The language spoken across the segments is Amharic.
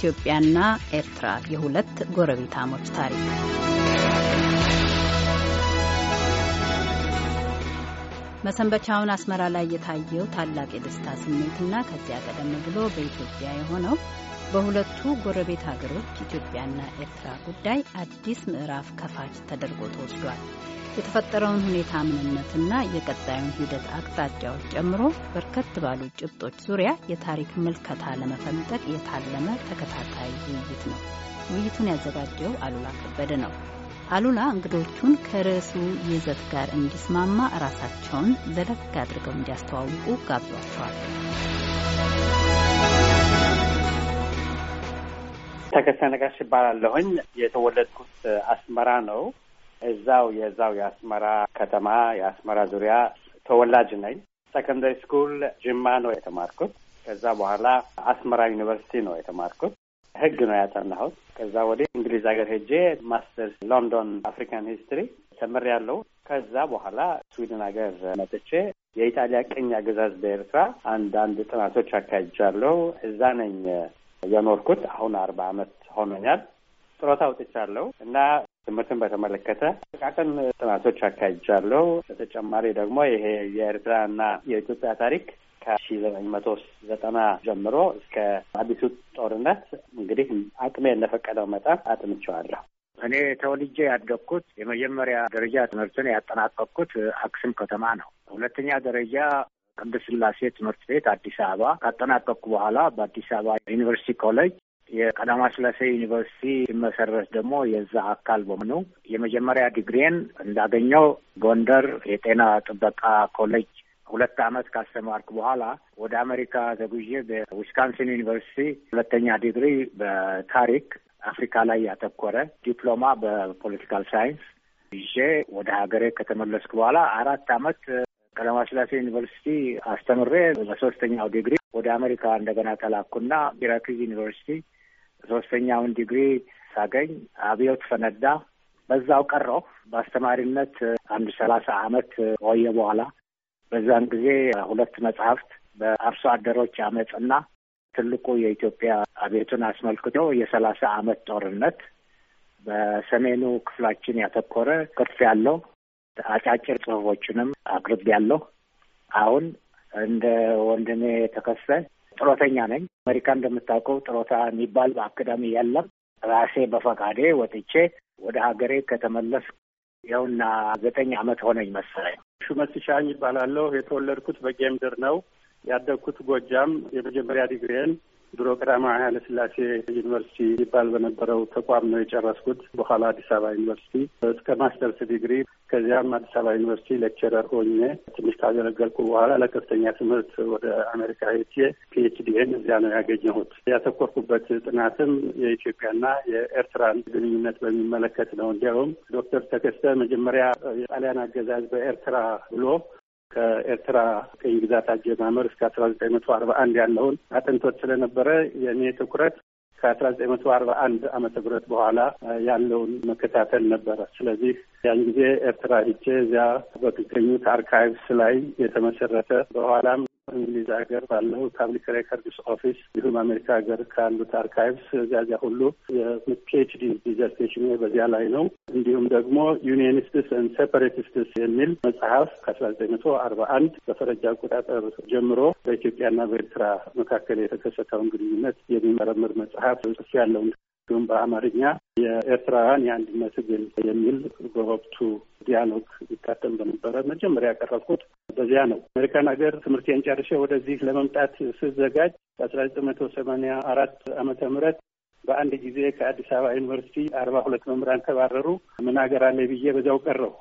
ኢትዮጵያና ኤርትራ የሁለት ጎረቤታሞች ታሪክ መሰንበቻውን አስመራ ላይ የታየው ታላቅ የደስታ ስሜትና ከዚያ ቀደም ብሎ በኢትዮጵያ የሆነው በሁለቱ ጎረቤት ሀገሮች ኢትዮጵያና ኤርትራ ጉዳይ አዲስ ምዕራፍ ከፋች ተደርጎ ተወስዷል። የተፈጠረውን ሁኔታ ምንነትና የቀጣዩን ሂደት አቅጣጫዎች ጨምሮ በርከት ባሉ ጭብጦች ዙሪያ የታሪክ ምልከታ ለመፈንጠቅ የታለመ ተከታታይ ውይይት ነው። ውይይቱን ያዘጋጀው አሉላ ከበደ ነው። አሉላ እንግዶቹን ከርዕሱ ይዘት ጋር እንዲስማማ ራሳቸውን ዘለግ አድርገው እንዲያስተዋውቁ ጋብዟቸዋል። ተከስተ ይባላለሁኝ። የተወለድኩት አስመራ ነው። እዛው የዛው የአስመራ ከተማ የአስመራ ዙሪያ ተወላጅ ነኝ። ሰከንዳሪ ስኩል ጅማ ነው የተማርኩት። ከዛ በኋላ አስመራ ዩኒቨርሲቲ ነው የተማርኩት። ህግ ነው ያጠናሁት። ከዛ ወዲህ እንግሊዝ ሀገር ሄጄ ማስተርስ ሎንዶን አፍሪካን ሂስትሪ ተምሬያለሁ። ከዛ በኋላ ስዊድን ሀገር መጥቼ የኢጣሊያ ቅኝ አገዛዝ በኤርትራ አንዳንድ ጥናቶች አካጃለው እዛ ነኝ የኖርኩት። አሁን አርባ አመት ሆኖኛል። ጥሮታ አውጥቻለሁ እና ትምህርትን በተመለከተ ጥቃቅን ጥናቶች አካሂጃለሁ። በተጨማሪ ደግሞ ይሄ የኤርትራና የኢትዮጵያ ታሪክ ከሺ ዘጠኝ መቶ ዘጠና ጀምሮ እስከ አዲሱ ጦርነት እንግዲህ አቅሜ እንደፈቀደው መጠን አጥንቸዋለሁ። እኔ ተወልጄ ያደግኩት የመጀመሪያ ደረጃ ትምህርትን ያጠናቀቅኩት አክሱም ከተማ ነው። ሁለተኛ ደረጃ ቅድስት ሥላሴ ትምህርት ቤት አዲስ አበባ ካጠናቀቅኩ በኋላ በአዲስ አበባ ዩኒቨርሲቲ ኮሌጅ የቀዳማዊ ሥላሴ ዩኒቨርሲቲ ሲመሰረት ደግሞ የዛ አካል በመሆኑ የመጀመሪያ ዲግሪን እንዳገኘው ጎንደር የጤና ጥበቃ ኮሌጅ ሁለት ዓመት ካስተማርኩ በኋላ ወደ አሜሪካ ተጉዤ በዊስካንሲን ዩኒቨርሲቲ ሁለተኛ ዲግሪ በታሪክ አፍሪካ ላይ ያተኮረ ዲፕሎማ በፖለቲካል ሳይንስ ይዤ ወደ ሀገሬ ከተመለስኩ በኋላ አራት ዓመት ቀዳማዊ ሥላሴ ዩኒቨርሲቲ አስተምሬ በሶስተኛው ዲግሪ ወደ አሜሪካ እንደገና ተላኩና ኢራክዝ ዩኒቨርሲቲ ሶስተኛውን ዲግሪ ሳገኝ አብዮት ፈነዳ። በዛው ቀረሁ። በአስተማሪነት አንድ ሰላሳ አመት ቆየ። በኋላ በዛን ጊዜ ሁለት መጽሐፍት በአርሶ አደሮች አመፅና ትልቁ የኢትዮጵያ አቤቱን አስመልክቶ የሰላሳ አመት ጦርነት በሰሜኑ ክፍላችን ያተኮረ ቅርጽ ያለው አጫጭር ጽሁፎችንም ያለው አሁን እንደ ወንድሜ ተከሰ ጥሮተኛ ነኝ። አሜሪካ እንደምታውቀው ጥሮታ የሚባል በአካዳሚ የለም። ራሴ በፈቃዴ ወጥቼ ወደ ሀገሬ ከተመለስ ይኸውና ዘጠኝ አመት ሆነኝ መሰለኝ። ሹመት ሻኝ ይባላለሁ። የተወለድኩት በጌምድር ነው። ያደግኩት ጎጃም። የመጀመሪያ ዲግሪን ድሮ ቀዳማዊ ኃይለሥላሴ ዩኒቨርሲቲ ይባል በነበረው ተቋም ነው የጨረስኩት። በኋላ አዲስ አበባ ዩኒቨርሲቲ እስከ ማስተርስ ዲግሪ ከዚያም አዲስ አበባ ዩኒቨርሲቲ ሌክቸረር ሆኜ ትንሽ ካገለገልኩ በኋላ ለከፍተኛ ትምህርት ወደ አሜሪካ ሄጄ ፒኤችዲኤን እዚያ ነው ያገኘሁት። ያተኮርኩበት ጥናትም የኢትዮጵያና የኤርትራን ግንኙነት በሚመለከት ነው። እንዲያውም ዶክተር ተከስተ መጀመሪያ የጣሊያን አገዛዝ በኤርትራ ብሎ ከኤርትራ ቅኝ ግዛት አጀማመር እስከ አስራ ዘጠኝ መቶ አርባ አንድ ያለውን አጥንቶት ስለነበረ የእኔ ትኩረት ከአስራ ዘጠኝ መቶ አርባ አንድ አመተ ምህረት በኋላ ያለውን መከታተል ነበረ። ስለዚህ ያን ጊዜ ኤርትራ ሂቼ እዚያ በሚገኙት አርካይቭስ ላይ የተመሰረተ በኋላም እንግሊዝ ሀገር ባለው ፓብሊክ ሬከርድስ ኦፊስ እንዲሁም አሜሪካ ሀገር ካሉት አርካይቭስ እዚያ ሁሉ የፒኤችዲ ዲዘርቴሽን በዚያ ላይ ነው። እንዲሁም ደግሞ ዩኒየኒስትስ ን ሴፐሬቲስትስ የሚል መጽሐፍ ከአስራ ዘጠኝ መቶ አርባ አንድ በፈረንጅ አቆጣጠር ጀምሮ በኢትዮጵያና በኤርትራ መካከል የተከሰተውን ግንኙነት የሚመረምር መጽሐፍ ጽፌያለሁ። እንዲሁም በአማርኛ የኤርትራውያን የአንድነት ግን የሚል በወቅቱ ዲያሎግ ይታተም በነበረ መጀመሪያ ያቀረብኩት በዚያ ነው። አሜሪካን ሀገር ትምህርቴን ጨርሼ ወደዚህ ለመምጣት ስዘጋጅ በአስራ ዘጠኝ መቶ ሰማኒያ አራት ዓመተ ምህረት በአንድ ጊዜ ከአዲስ አበባ ዩኒቨርሲቲ አርባ ሁለት መምህራን ተባረሩ። ምን ሀገር አለ ብዬ በዛው ቀረው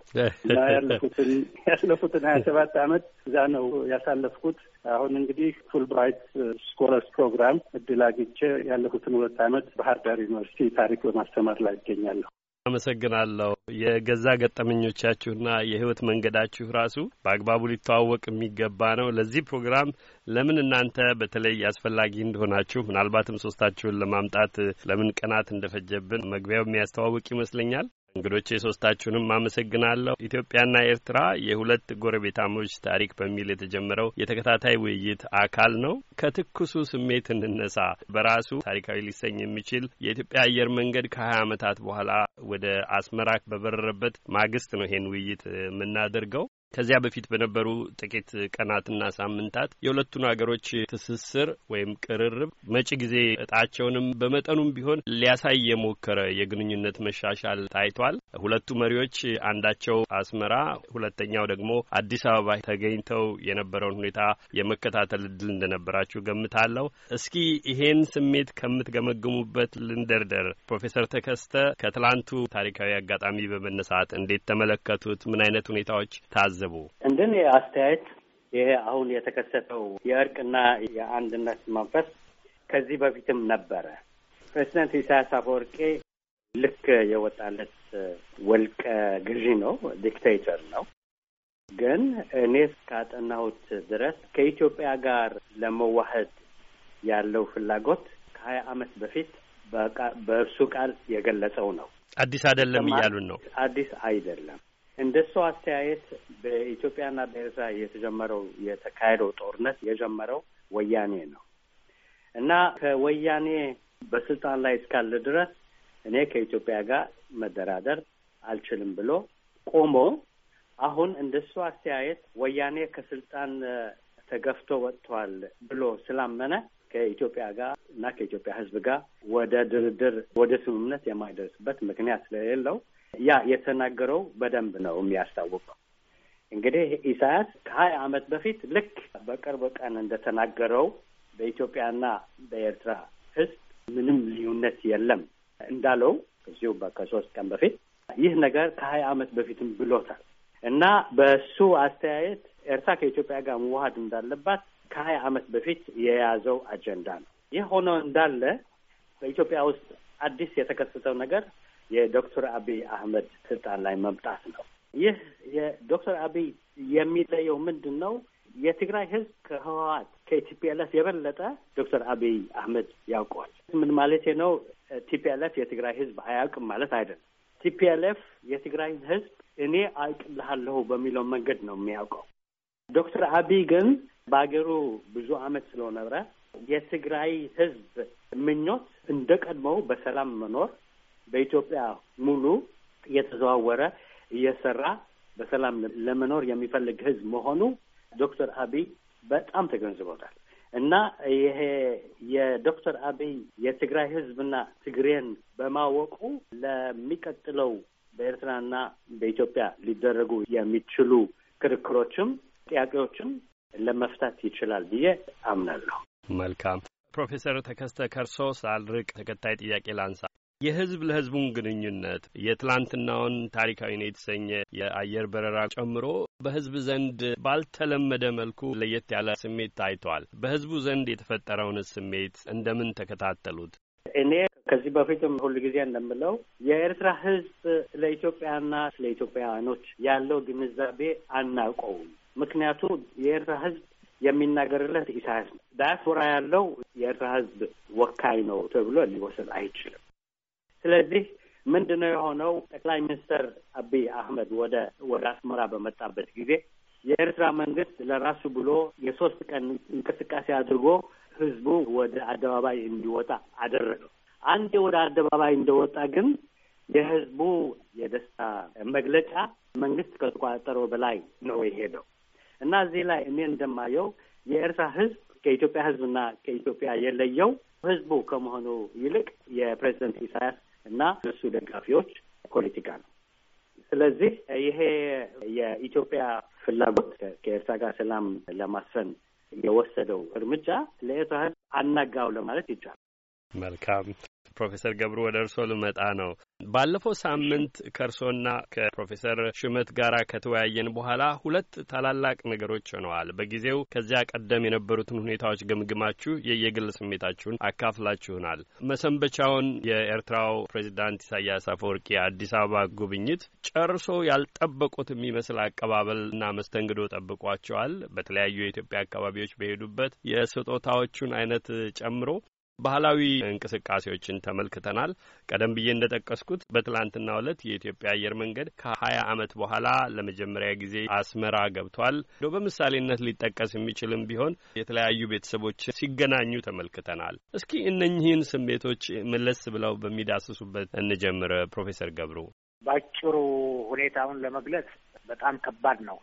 እና ያለፉትን ያለፉትን ሀያ ሰባት አመት እዛ ነው ያሳለፍኩት። አሁን እንግዲህ ፉል ብራይት ስኮለርስ ፕሮግራም እድል አግኝቼ ያለፉትን ሁለት አመት ባህር ዳር ዩኒቨርሲቲ ታሪክ በማስተማር ላይ ይገኛለሁ። አመሰግናለሁ። የገዛ ገጠመኞቻችሁና የህይወት መንገዳችሁ ራሱ በአግባቡ ሊተዋወቅ የሚገባ ነው። ለዚህ ፕሮግራም ለምን እናንተ በተለይ አስፈላጊ እንደሆናችሁ ምናልባትም ሶስታችሁን ለማምጣት ለምን ቀናት እንደፈጀብን መግቢያው የሚያስተዋውቅ ይመስለኛል። እንግዶች የሶስታችሁንም አመሰግናለሁ። ኢትዮጵያና ኤርትራ የሁለት ጎረቤታሞች ታሪክ በሚል የተጀመረው የተከታታይ ውይይት አካል ነው። ከትኩሱ ስሜት እንነሳ። በራሱ ታሪካዊ ሊሰኝ የሚችል የኢትዮጵያ አየር መንገድ ከሀያ ዓመታት በኋላ ወደ አስመራ በበረረበት ማግስት ነው ይሄን ውይይት የምናደርገው። ከዚያ በፊት በነበሩ ጥቂት ቀናትና ሳምንታት የሁለቱን ሀገሮች ትስስር ወይም ቅርርብ መጪ ጊዜ እጣቸውንም በመጠኑም ቢሆን ሊያሳይ የሞከረ የግንኙነት መሻሻል ታይቷል። ሁለቱ መሪዎች አንዳቸው አስመራ፣ ሁለተኛው ደግሞ አዲስ አበባ ተገኝተው የነበረውን ሁኔታ የመከታተል እድል እንደነበራችሁ ገምታለሁ። እስኪ ይሄን ስሜት ከምትገመግሙበት ልንደርደር። ፕሮፌሰር ተከስተ ከትላንቱ ታሪካዊ አጋጣሚ በመነሳት እንዴት ተመለከቱት? ምን አይነት ሁኔታዎች ታዘ አስገነዘቡ? እንደኔ አስተያየት ይሄ አሁን የተከሰተው የእርቅና የአንድነት መንፈስ ከዚህ በፊትም ነበረ። ፕሬዚደንት ኢሳያስ አፈወርቄ ልክ የወጣለት ወልቀ ግዢ ነው፣ ዲክቴተር ነው። ግን እኔ እስካጠናሁት ድረስ ከኢትዮጵያ ጋር ለመዋሀድ ያለው ፍላጎት ከሀያ ዓመት በፊት በእርሱ ቃል የገለጸው ነው። አዲስ አይደለም እያሉን ነው። አዲስ አይደለም። እንደሱ አስተያየት በኢትዮጵያና በኤርትራ የተጀመረው የተካሄደው ጦርነት የጀመረው ወያኔ ነው እና ከወያኔ በስልጣን ላይ እስካለ ድረስ እኔ ከኢትዮጵያ ጋር መደራደር አልችልም ብሎ ቆሞ፣ አሁን እንደሱ አስተያየት ወያኔ ከስልጣን ተገፍቶ ወጥቷል ብሎ ስላመነ ከኢትዮጵያ ጋር እና ከኢትዮጵያ ሕዝብ ጋር ወደ ድርድር ወደ ስምምነት የማይደርስበት ምክንያት ስለሌለው ያ የተናገረው በደንብ ነው የሚያስታውቀው። እንግዲህ ኢሳያስ ከሀያ ዓመት በፊት ልክ በቅርብ ቀን እንደተናገረው በኢትዮጵያና በኤርትራ ህዝብ ምንም ልዩነት የለም እንዳለው እዚሁ ከሶስት ቀን በፊት ይህ ነገር ከሀያ ዓመት በፊትም ብሎታል እና በሱ አስተያየት ኤርትራ ከኢትዮጵያ ጋር መዋሃድ እንዳለባት ከሀያ ዓመት በፊት የያዘው አጀንዳ ነው። ይህ ሆኖ እንዳለ በኢትዮጵያ ውስጥ አዲስ የተከሰተው ነገር የዶክተር አብይ አህመድ ስልጣን ላይ መምጣት ነው። ይህ የዶክተር አብይ የሚለየው ምንድን ነው? የትግራይ ህዝብ ከህወሀት ከቲፒኤልኤፍ የበለጠ ዶክተር አብይ አህመድ ያውቀዋል። ምን ማለት ነው? ቲፒኤልኤፍ የትግራይ ህዝብ አያውቅም ማለት አይደለም። ቲፒኤልኤፍ የትግራይ ህዝብ እኔ አውቅልሃለሁ በሚለው መንገድ ነው የሚያውቀው። ዶክተር አብይ ግን በሀገሩ ብዙ አመት ስለነበረ የትግራይ ህዝብ ምኞት እንደ ቀድሞው በሰላም መኖር በኢትዮጵያ ሙሉ እየተዘዋወረ እየሰራ በሰላም ለመኖር የሚፈልግ ህዝብ መሆኑ ዶክተር አብይ በጣም ተገንዝበታል እና ይሄ የዶክተር አብይ የትግራይ ህዝብና ትግሬን በማወቁ ለሚቀጥለው በኤርትራና በኢትዮጵያ ሊደረጉ የሚችሉ ክርክሮችም ጥያቄዎችም ለመፍታት ይችላል ብዬ አምናለሁ። መልካም ፕሮፌሰር ተከስተ ከርሶ ሳልርቅ ተከታይ ጥያቄ ላንሳ። የህዝብ ለህዝቡን ግንኙነት የትላንትናውን ታሪካዊ የተሰኘ የአየር በረራ ጨምሮ በህዝብ ዘንድ ባልተለመደ መልኩ ለየት ያለ ስሜት ታይቷል። በህዝቡ ዘንድ የተፈጠረውን ስሜት እንደምን ተከታተሉት? እኔ ከዚህ በፊትም ሁል ጊዜ እንደምለው የኤርትራ ህዝብ ስለ ኢትዮጵያና ስለ ኢትዮጵያውያኖች ያለው ግንዛቤ አናውቀውም። ምክንያቱ የኤርትራ ህዝብ የሚናገርለት ኢሳያስ ነው። ዳያስፖራ ያለው የኤርትራ ህዝብ ወካይ ነው ተብሎ ሊወሰድ አይችልም። ስለዚህ ምንድን ነው የሆነው? ጠቅላይ ሚኒስትር አብይ አህመድ ወደ ወደ አስመራ በመጣበት ጊዜ የኤርትራ መንግስት ለራሱ ብሎ የሶስት ቀን እንቅስቃሴ አድርጎ ህዝቡ ወደ አደባባይ እንዲወጣ አደረገው። አንዴ ወደ አደባባይ እንደወጣ ግን የህዝቡ የደስታ መግለጫ መንግስት ከተቋጠረው በላይ ነው የሄደው እና እዚህ ላይ እኔ እንደማየው የኤርትራ ህዝብ ከኢትዮጵያ ህዝብና ከኢትዮጵያ የለየው ህዝቡ ከመሆኑ ይልቅ የፕሬዚደንት ኢሳያስ እና እሱ ደጋፊዎች ፖለቲካ ነው። ስለዚህ ይሄ የኢትዮጵያ ፍላጎት ከኤርትራ ጋር ሰላም ለማስፈን የወሰደው እርምጃ ለኤርትራ ሕዝብ አናጋው ለማለት ይቻላል። መልካም ፕሮፌሰር ገብሩ ወደ እርስዎ ልመጣ ነው። ባለፈው ሳምንት ከእርሶና ከፕሮፌሰር ሹመት ጋር ከተወያየን በኋላ ሁለት ታላላቅ ነገሮች ሆነዋል። በጊዜው ከዚያ ቀደም የነበሩትን ሁኔታዎች ገምግማችሁ የየግል ስሜታችሁን አካፍላችሁናል። መሰንበቻውን የኤርትራው ፕሬዚዳንት ኢሳያስ አፈወርቂ የአዲስ አበባ ጉብኝት ጨርሶ ያልጠበቁት የሚመስል አቀባበልና መስተንግዶ ጠብቋቸዋል። በተለያዩ የኢትዮጵያ አካባቢዎች በሄዱበት የስጦታዎቹን አይነት ጨምሮ ባህላዊ እንቅስቃሴዎችን ተመልክተናል። ቀደም ብዬ እንደ ጠቀስኩት በትላንትና ዕለት የኢትዮጵያ አየር መንገድ ከሀያ ዓመት በኋላ ለመጀመሪያ ጊዜ አስመራ ገብቷል። እንደው በምሳሌነት ሊጠቀስ የሚችልም ቢሆን የተለያዩ ቤተሰቦች ሲገናኙ ተመልክተናል። እስኪ እነኚህን ስሜቶች መለስ ብለው በሚዳስሱበት እንጀምር። ፕሮፌሰር ገብሩ በአጭሩ ሁኔታውን ለመግለጽ በጣም ከባድ ነው።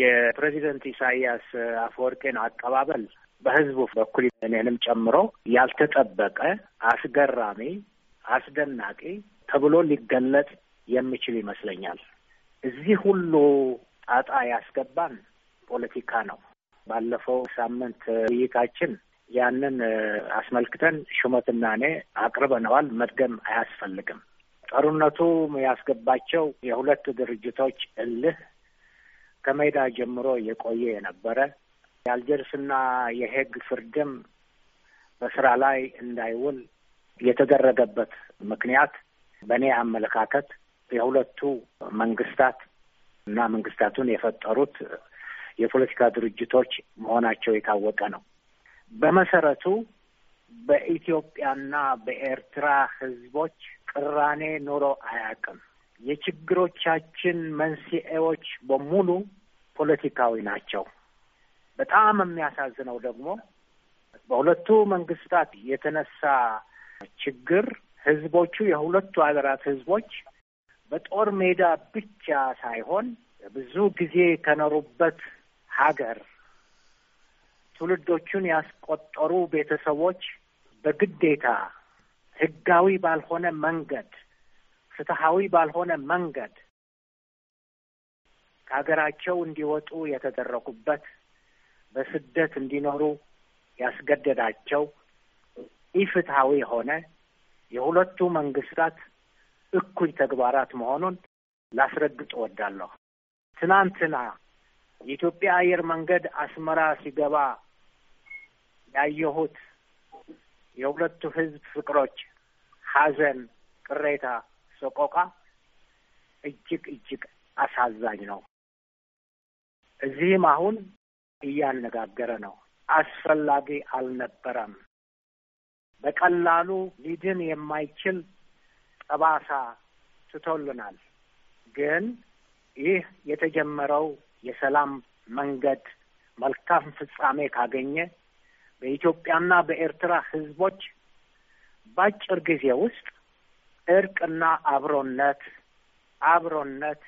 የፕሬዚደንት ኢሳያስ አፈወርቄን አቀባበል በህዝቡ በኩል እኔንም ጨምሮ ያልተጠበቀ አስገራሚ፣ አስደናቂ ተብሎ ሊገለጽ የሚችል ይመስለኛል። እዚህ ሁሉ ጣጣ ያስገባን ፖለቲካ ነው። ባለፈው ሳምንት ውይይታችን ያንን አስመልክተን ሹመትና እኔ አቅርበነዋል። መድገም አያስፈልግም። ጦርነቱ ያስገባቸው የሁለት ድርጅቶች እልህ ከሜዳ ጀምሮ የቆየ የነበረ የአልጀርስና የሄግ ፍርድም በስራ ላይ እንዳይውል የተደረገበት ምክንያት በእኔ አመለካከት የሁለቱ መንግስታት እና መንግስታቱን የፈጠሩት የፖለቲካ ድርጅቶች መሆናቸው የታወቀ ነው። በመሰረቱ በኢትዮጵያና በኤርትራ ህዝቦች ቅራኔ ኖሮ አያውቅም። የችግሮቻችን መንስኤዎች በሙሉ ፖለቲካዊ ናቸው። በጣም የሚያሳዝነው ደግሞ በሁለቱ መንግስታት የተነሳ ችግር ህዝቦቹ የሁለቱ ሀገራት ህዝቦች በጦር ሜዳ ብቻ ሳይሆን ብዙ ጊዜ ከኖሩበት ሀገር ትውልዶቹን ያስቆጠሩ ቤተሰቦች በግዴታ ህጋዊ ባልሆነ መንገድ፣ ፍትሐዊ ባልሆነ መንገድ ከሀገራቸው እንዲወጡ የተደረጉበት በስደት እንዲኖሩ ያስገደዳቸው ኢፍትሐዊ የሆነ የሁለቱ መንግስታት እኩይ ተግባራት መሆኑን ላስረግጥ እወዳለሁ። ትናንትና የኢትዮጵያ አየር መንገድ አስመራ ሲገባ ያየሁት የሁለቱ ህዝብ ፍቅሮች፣ ሐዘን፣ ቅሬታ፣ ሰቆቃ እጅግ እጅግ አሳዛኝ ነው። እዚህም አሁን እያነጋገረ ነው። አስፈላጊ አልነበረም። በቀላሉ ሊድን የማይችል ጠባሳ ትቶልናል። ግን ይህ የተጀመረው የሰላም መንገድ መልካም ፍጻሜ ካገኘ በኢትዮጵያና በኤርትራ ሕዝቦች በአጭር ጊዜ ውስጥ እርቅና አብሮነት አብሮነት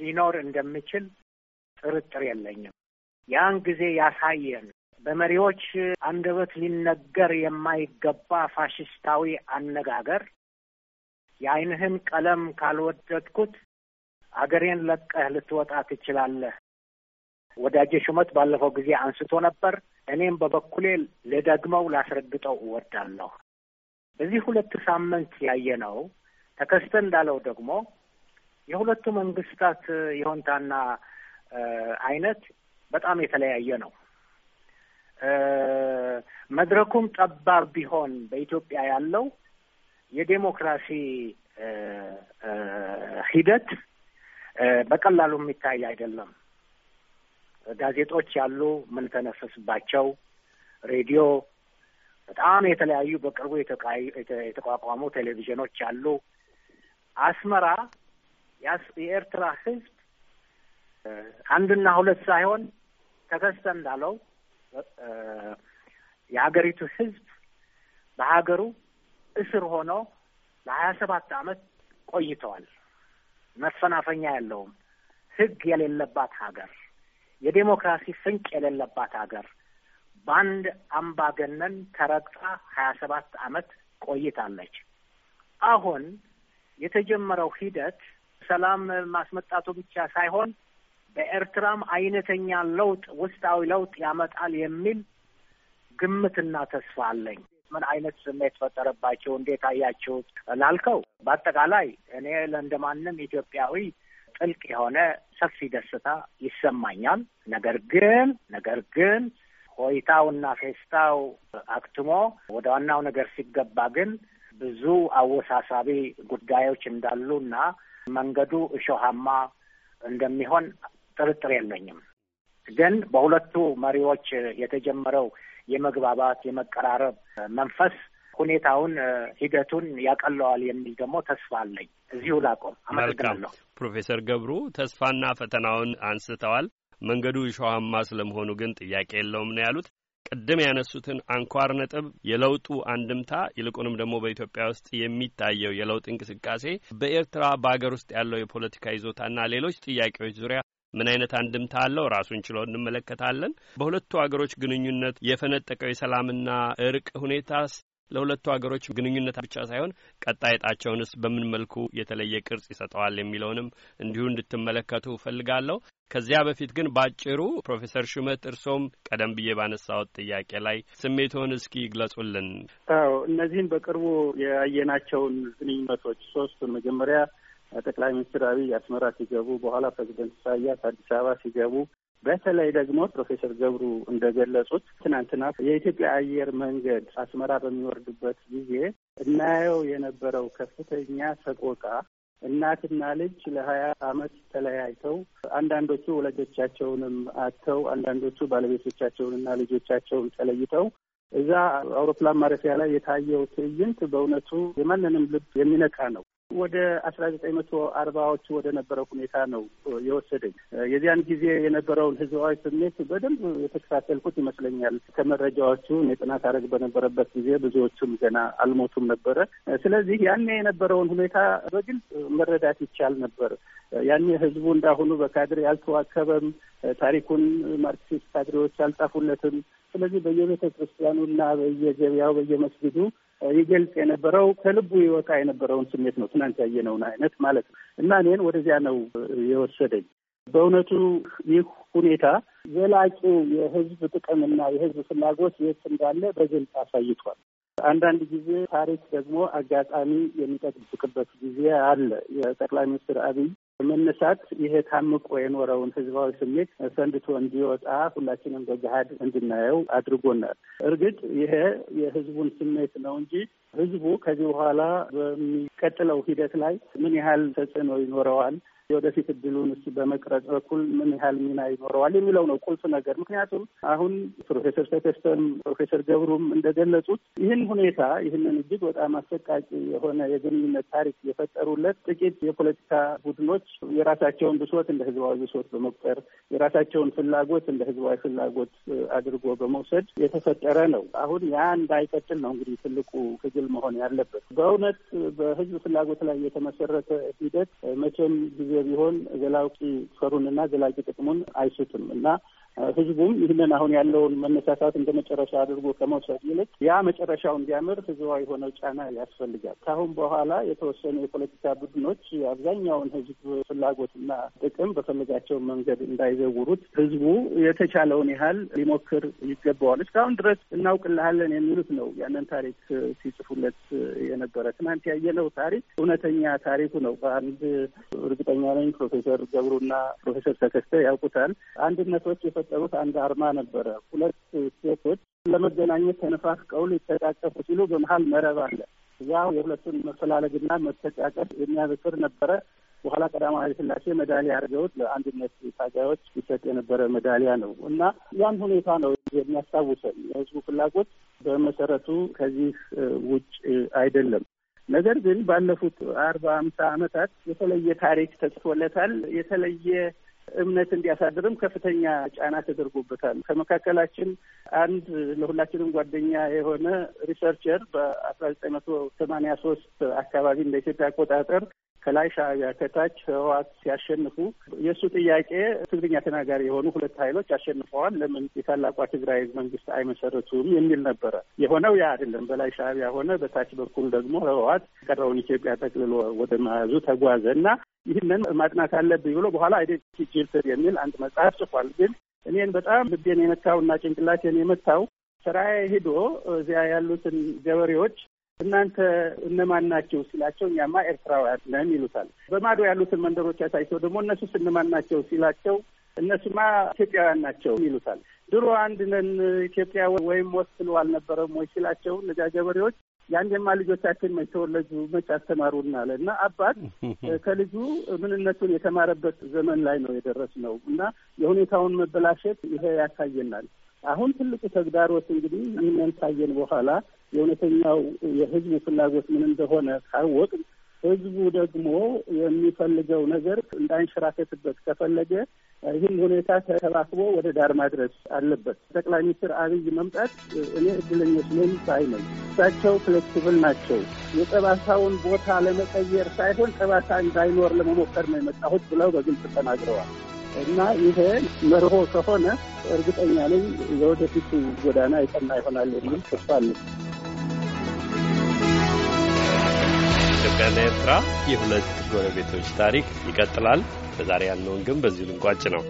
ሊኖር እንደሚችል ጥርጥር የለኝም። ያን ጊዜ ያሳየን በመሪዎች አንደበት ሊነገር የማይገባ ፋሽስታዊ አነጋገር የዓይንህን ቀለም ካልወደድኩት አገሬን ለቀህ ልትወጣ ትችላለህ። ወዳጄ ሹመት ባለፈው ጊዜ አንስቶ ነበር። እኔም በበኩሌ ልደግመው ላስረግጠው እወዳለሁ። በዚህ ሁለት ሳምንት ያየነው ተከስተ እንዳለው ደግሞ የሁለቱ መንግስታት የሆንታና አይነት በጣም የተለያየ ነው። መድረኩም ጠባብ ቢሆን በኢትዮጵያ ያለው የዴሞክራሲ ሂደት በቀላሉ የሚታይ አይደለም። ጋዜጦች ያሉ የምንተነፍስባቸው፣ ሬዲዮ በጣም የተለያዩ በቅርቡ የተቋቋሙ ቴሌቪዥኖች አሉ። አስመራ የኤርትራ ሕዝብ አንድና ሁለት ሳይሆን ተከስተ እንዳለው የሀገሪቱ ህዝብ በሀገሩ እስር ሆኖ ለሀያ ሰባት አመት ቆይተዋል። መፈናፈኛ ያለውም ህግ የሌለባት ሀገር፣ የዴሞክራሲ ፍንቅ የሌለባት ሀገር በአንድ አምባገነን ተረግጣ ሀያ ሰባት አመት ቆይታለች። አሁን የተጀመረው ሂደት ሰላም ማስመጣቱ ብቻ ሳይሆን በኤርትራም አይነተኛ ለውጥ ውስጣዊ ለውጥ ያመጣል የሚል ግምትና ተስፋ አለኝ። ምን አይነት ስሜት ፈጠረባቸው? እንዴት አያችሁት ላልከው በአጠቃላይ እኔ ለእንደማንም ኢትዮጵያዊ ጥልቅ የሆነ ሰፊ ደስታ ይሰማኛል። ነገር ግን ነገር ግን ሆይታውና ፌስታው አክትሞ ወደ ዋናው ነገር ሲገባ ግን ብዙ አወሳሳቢ ጉዳዮች እንዳሉና መንገዱ እሾሃማ እንደሚሆን ጥርጥር የለኝም። ግን በሁለቱ መሪዎች የተጀመረው የመግባባት የመቀራረብ መንፈስ ሁኔታውን ሂደቱን ያቀለዋል የሚል ደግሞ ተስፋ አለኝ። እዚሁ ላቆም። አመሰግናለሁ። ፕሮፌሰር ገብሩ ተስፋና ፈተናውን አንስተዋል። መንገዱ እሾሃማ ስለመሆኑ ግን ጥያቄ የለውም ነው ያሉት። ቅድም ያነሱትን አንኳር ነጥብ የለውጡ አንድምታ ይልቁንም ደግሞ በኢትዮጵያ ውስጥ የሚታየው የለውጥ እንቅስቃሴ በኤርትራ በሀገር ውስጥ ያለው የፖለቲካ ይዞታና ሌሎች ጥያቄዎች ዙሪያ ምን አይነት አንድምታ አለው ራሱን ችሎ እንመለከታለን። በሁለቱ አገሮች ግንኙነት የፈነጠቀው የሰላምና እርቅ ሁኔታስ ለሁለቱ አገሮች ግንኙነት ብቻ ሳይሆን ቀጣይ እጣቸውንስ በምን መልኩ የተለየ ቅርጽ ይሰጠዋል የሚለውንም እንዲሁ እንድትመለከቱ እፈልጋለሁ። ከዚያ በፊት ግን ባጭሩ ፕሮፌሰር ሹመት እርሶም ቀደም ብዬ ባነሳሁት ጥያቄ ላይ ስሜትን እስኪ ይግለጹልን። አዎ እነዚህን በቅርቡ ያየናቸውን ግንኙነቶች ሶስቱን መጀመሪያ ጠቅላይ ሚኒስትር አብይ አስመራ ሲገቡ በኋላ ፕሬዚደንት ኢሳያስ አዲስ አበባ ሲገቡ በተለይ ደግሞ ፕሮፌሰር ገብሩ እንደገለጹት ትናንትና የኢትዮጵያ አየር መንገድ አስመራ በሚወርድበት ጊዜ እናየው የነበረው ከፍተኛ ሰቆቃ እናትና ልጅ ለሀያ አመት ተለያይተው አንዳንዶቹ ወላጆቻቸውንም አጥተው አንዳንዶቹ ባለቤቶቻቸውንና ልጆቻቸውን ተለይተው እዛ አውሮፕላን ማረፊያ ላይ የታየው ትዕይንት በእውነቱ የማንንም ልብ የሚነካ ነው። ወደ አስራ ዘጠኝ መቶ አርባዎቹ ወደ ነበረው ሁኔታ ነው የወሰደኝ። የዚያን ጊዜ የነበረውን ህዝባዊ ስሜት በደንብ የተከታተልኩት ይመስለኛል። ከመረጃዎቹ የጥናት አረግ በነበረበት ጊዜ ብዙዎቹም ገና አልሞቱም ነበረ። ስለዚህ ያኔ የነበረውን ሁኔታ በግልጽ መረዳት ይቻል ነበር። ያኔ ህዝቡ እንዳሁኑ በካድሬ አልተዋከበም። ታሪኩን ማርክሲስት ካድሬዎች አልጻፉለትም። ስለዚህ በየቤተ ክርስቲያኑና በየገበያው በየመስጊዱ ይገልጽ የነበረው ከልቡ ይወጣ የነበረውን ስሜት ነው። ትናንት ያየነውን አይነት ማለት ነው እና እኔን ወደዚያ ነው የወሰደኝ። በእውነቱ ይህ ሁኔታ ዘላቂው የህዝብ ጥቅምና የህዝብ ፍላጎት የት እንዳለ በግልጽ አሳይቷል። አንዳንድ ጊዜ ታሪክ ደግሞ አጋጣሚ የሚጠብቅበት ጊዜ አለ። የጠቅላይ ሚኒስትር አብይ መነሳት ይሄ ታምቆ የኖረውን ህዝባዊ ስሜት ፈንድቶ እንዲወጣ ሁላችንም በገሀድ እንድናየው አድርጎናል። እርግጥ ይሄ የህዝቡን ስሜት ነው እንጂ ህዝቡ ከዚህ በኋላ በሚቀጥለው ሂደት ላይ ምን ያህል ተጽዕኖ ይኖረዋል የወደፊት እድሉን እሱ በመቅረጽ በኩል ምን ያህል ሚና ይኖረዋል የሚለው ነው ቁልፍ ነገር። ምክንያቱም አሁን ፕሮፌሰር ተከስተም ፕሮፌሰር ገብሩም እንደገለጹት ይህን ሁኔታ ይህንን እጅግ በጣም አሰቃቂ የሆነ የግንኙነት ታሪክ የፈጠሩለት ጥቂት የፖለቲካ ቡድኖች የራሳቸውን ብሶት እንደ ህዝባዊ ብሶት በመቁጠር የራሳቸውን ፍላጎት እንደ ህዝባዊ ፍላጎት አድርጎ በመውሰድ የተፈጠረ ነው። አሁን ያ እንዳይቀጥል ነው እንግዲህ ትልቁ ትግል መሆን ያለበት። በእውነት በህዝብ ፍላጎት ላይ የተመሰረተ ሂደት መቼም ጊዜ ቢሆን ዘላቂ ፈሩንና ዘላቂ ጥቅሙን አይሱትም እና ህዝቡም ይህንን አሁን ያለውን መነሳሳት እንደ መጨረሻ አድርጎ ከመውሰድ ይልቅ ያ መጨረሻው እንዲያምር ህዝባዊ የሆነው ጫና ያስፈልጋል። ካሁን በኋላ የተወሰኑ የፖለቲካ ቡድኖች አብዛኛውን ህዝብ ፍላጎትና ጥቅም በፈለጋቸው መንገድ እንዳይዘውሩት ህዝቡ የተቻለውን ያህል ሊሞክር ይገባዋል። እስካሁን ድረስ እናውቅልሃለን የሚሉት ነው ያንን ታሪክ ሲጽፉለት የነበረ ትናንት ያየነው ታሪክ እውነተኛ ታሪኩ ነው። በአንድ እርግጠኛ ነኝ ፕሮፌሰር ገብሩና ፕሮፌሰር ተከስተ ያውቁታል አንድነቶች የፈጠሩት አንድ አርማ ነበረ። ሁለት ሴቶች ለመገናኘት ተነፋፍቀው ሊተቃቀፉ ሲሉ በመሀል መረብ አለ። ያው የሁለቱን መፈላለግና መተቃቀፍ የሚያበስር ነበረ። በኋላ ቀዳማዊ ኃይለ ሥላሴ ሜዳሊያ አድርገውት ለአንድነት ታጋዮች ይሰጥ የነበረ ሜዳሊያ ነው እና ያን ሁኔታ ነው የሚያስታውሰን። የህዝቡ ፍላጎት በመሰረቱ ከዚህ ውጭ አይደለም። ነገር ግን ባለፉት አርባ አምሳ ዓመታት የተለየ ታሪክ ተጽፎለታል። የተለየ እምነት እንዲያሳድርም ከፍተኛ ጫና ተደርጎበታል። ከመካከላችን አንድ ለሁላችንም ጓደኛ የሆነ ሪሰርቸር በአስራ ዘጠኝ መቶ ሰማኒያ ሶስት አካባቢ እንደ ኢትዮጵያ አቆጣጠር ከላይ ሻዕቢያ ከታች ህወሓት ሲያሸንፉ የእሱ ጥያቄ ትግርኛ ተናጋሪ የሆኑ ሁለት ኃይሎች አሸንፈዋል፣ ለምን የታላቋ ትግራይ መንግስት አይመሰረቱም የሚል ነበረ። የሆነው ያ አይደለም። በላይ ሻዕቢያ ሆነ፣ በታች በኩል ደግሞ ህወሓት የቀረውን ኢትዮጵያ ጠቅልሎ ወደ መያዙ ተጓዘ እና ይህንን ማጥናት አለብኝ ብሎ በኋላ አይዴንቲቲ ጂልትር የሚል አንድ መጽሐፍ ጽፏል። ግን እኔን በጣም ልቤን የመታው እና ጭንቅላቴን የመታው ስራዬ ሂዶ እዚያ ያሉትን ገበሬዎች እናንተ እነማን ናቸው ሲላቸው እኛማ ኤርትራውያን ነን ይሉታል። በማዶ ያሉትን መንደሮች አሳይተው ደግሞ እነሱስ እነማን ናቸው ሲላቸው እነሱማ ኢትዮጵያውያን ናቸው ይሉታል። ድሮ አንድ ነን ኢትዮጵያ ወይም ወስሎ አልነበረም ወይ ሲላቸው እነዚያ ገበሬዎች ያንዴማ ልጆቻችን መች ተወለጁ መች አስተማሩን አለ እና አባት ከልጁ ምንነቱን የተማረበት ዘመን ላይ ነው የደረስ ነው እና የሁኔታውን መበላሸት ይሄ ያሳየናል። አሁን ትልቁ ተግዳሮት እንግዲህ ይህንን ካየን በኋላ የእውነተኛው የህዝቡ ፍላጎት ምን እንደሆነ ካወቅ ህዝቡ ደግሞ የሚፈልገው ነገር እንዳይንሸራተትበት ከፈለገ ይህም ሁኔታ ተሰባስቦ ወደ ዳር ማድረስ አለበት። ጠቅላይ ሚኒስትር አብይ መምጣት እኔ እድለኞች ነኝ ሳይ ነኝ። እሳቸው ፍሌክሲብል ናቸው። የጠባሳውን ቦታ ለመቀየር ሳይሆን ጠባሳ እንዳይኖር ለመሞከር ነው የመጣሁት ብለው በግልጽ ተናግረዋል። እና ይሄ መርሆ ከሆነ እርግጠኛ ነኝ የወደፊቱ ጎዳና የጠና ይሆናል የሚል ተስፋ አለኝ። ኢትዮጵያና ኤርትራ የሁለት ጎረቤቶች ታሪክ ይቀጥላል። በዛሬ ያለውን ግን በዚሁ ልንቋጭ ነው።